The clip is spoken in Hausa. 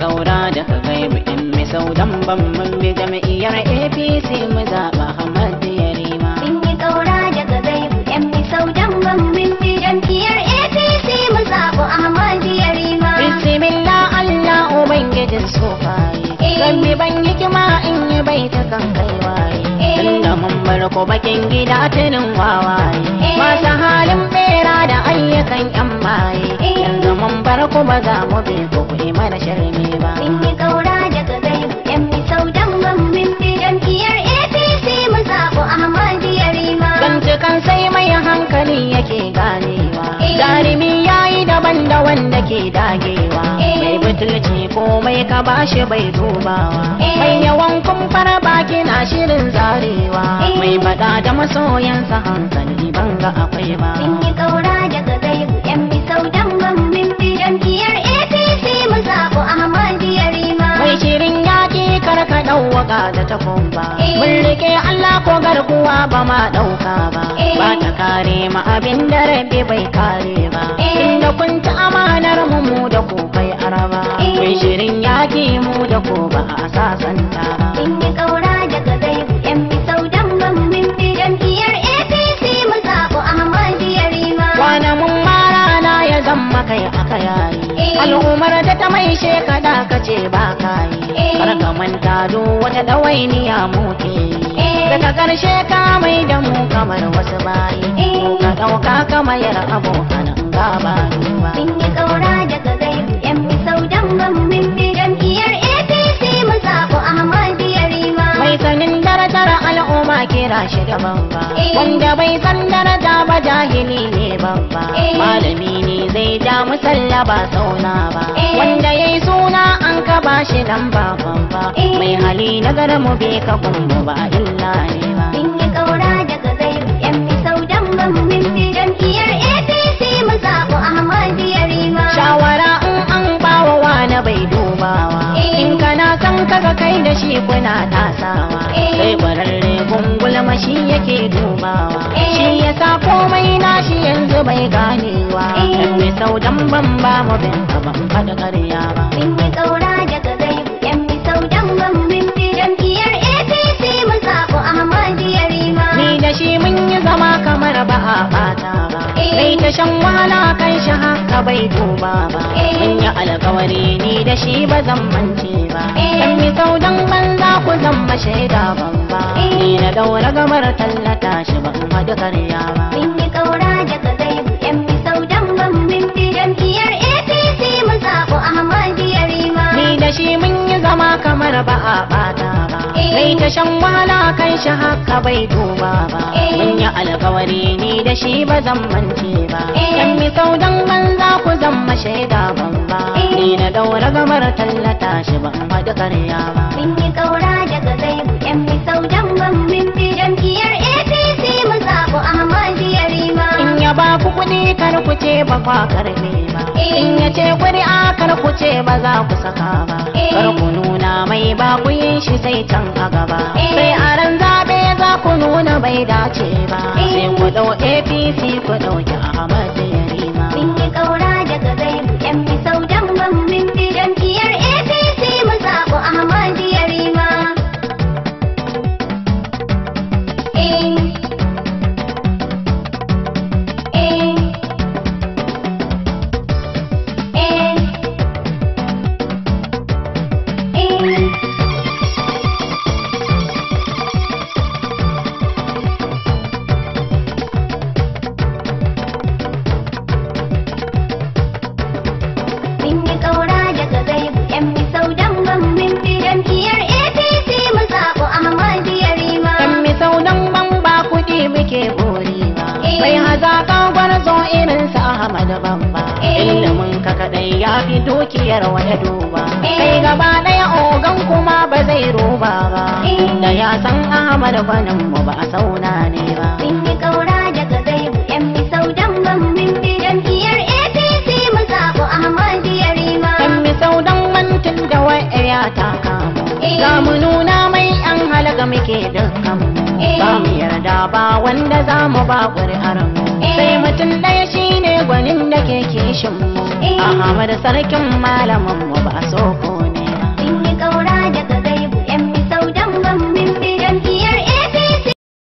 ƙaura daga gaibu in mai saudan ban mun bi jam'iyyar apc mu zaba, hamad ya rima. in yi ƙaura daga gaibu in mai saudan ban mun bi jam'iyyar apc mu zaba, hamad ya rima. bismillah allah ubangijin kan mi ban yi kima in yi bai ta kan kaiwaye. Eh. tunda mun bar ko bakin gida tunin wawaye. Eh. masu halin bera da ayyukan yan maye. Eh. kar kuma ga mu bi ku ku mana sharmi ba mun yi kaura daga gai mu yan mi saudan ban min bi jam'iyyar APC mu zabu Ahmadiyya Rima bincikan sai mai hankali yake ganewa eh. jarumi yayi daban da wanda ke dagewa eh. mai butulci komai ka bashi bai duba dubawa eh. mai yawan kumfar baki na shirin zarewa mai bada da masoyansa hankali banga akwai ba mun yi kaura ta kumba mun rike Allah ko garkuwa ba ma ɗauka ba ba ta kare ma abin da rabe bai kare ba inda kun ta amanar mu mu da ku bai araba kun shirin yaki mu da ku ba a sasanta ba in yi kaura yan dan APC mu Yarima wani mun mara na ya zama kai aka yayi Eh. al'umar da ta mai shekada ka ce ba ka yi eh. kar ka manta do wata ɗawainiya muke eh. daga ƙarshe ka mai da mu kamar wasu bayi ka ɗauka ka mayar abokan gaba kira shi da babba eh. wanda bai san daraja ba jahili ne babba eh. malami ne zai ja musalla ba sauna ba eh. wanda yayi suna an ka ba shi dan ba mai hali na mu bai ka kuma ba illa ne ba kin yi kaura daga zai yan fi saudan mamin mu iyar jam'iyyar APC mu zabu Yarima shawara in an bawa wani bai dubawa in kana san kaga kai da shi kuna tasawa sai kwararre shi yake dubawa eh. shi ya sa komai na shi yanzu bai ganewa eh. in yi saudan ban ba mu bin ka ban fada karya ba in mi kaura ga zai yan mi saudan ban bin jam'iyyar APC mun sako Ahmadu rima ni da shi mun yi zama kamar ba a bata ba bai eh. ta shan wala kan shi haka bai duba ba mun yi alkawari ni da shi ba zan mance ba yan mi saudan ban za ku zan mashaida ban ga gamar tallata shi ba kuma da karya ba. Mun yi kaura daga zaibu yan bisau dan ban min fi jam'iyyar APC mun zaɓu Ahmadu Yarima. Ni da shi mun yi zama kamar ba a ɓata ba. Sai eh. ta shan wala kan shi haka bai duba ba. Eh. Mun yi alkawari ni da shi ba zan mance ba. Eh. Yan bisau dan ban za ku zama shaida ban ba. Ni na daura gamar tallata shi ba kuma da karya ba. kuɗi kar ku ce ba kwa karfe ba in ya ce a kar ku ce ba za ku saka ba eh. kar ku nuna mai ba ku yin shi sai can a gaba eh. sai a ran zaɓe za ku nuna bai dace ba eh. sai ku ɗau ilimin ka kadai ya fi dukiyar wani duba eh. kai gaba ɗaya ogan kuma ba zai roba ba eh. da ya san ahmad kwanin mu ba a sauna ne ba mun yi kaura daga gaibu yan misau dan ban min bi jam'iyyar apc mu zaɓi ahmad ya rima yan misau dan mantin da wa'ir ya taka za mu nuna mai 'yan halaga muke dukkan mu ba eh. mu yarda ba wanda za mu ba ƙuri'ar mu sai eh, mutum ɗaya shine gwanin da ke kishin mu eh. ahmad sarkin malamin mu ba so ko ne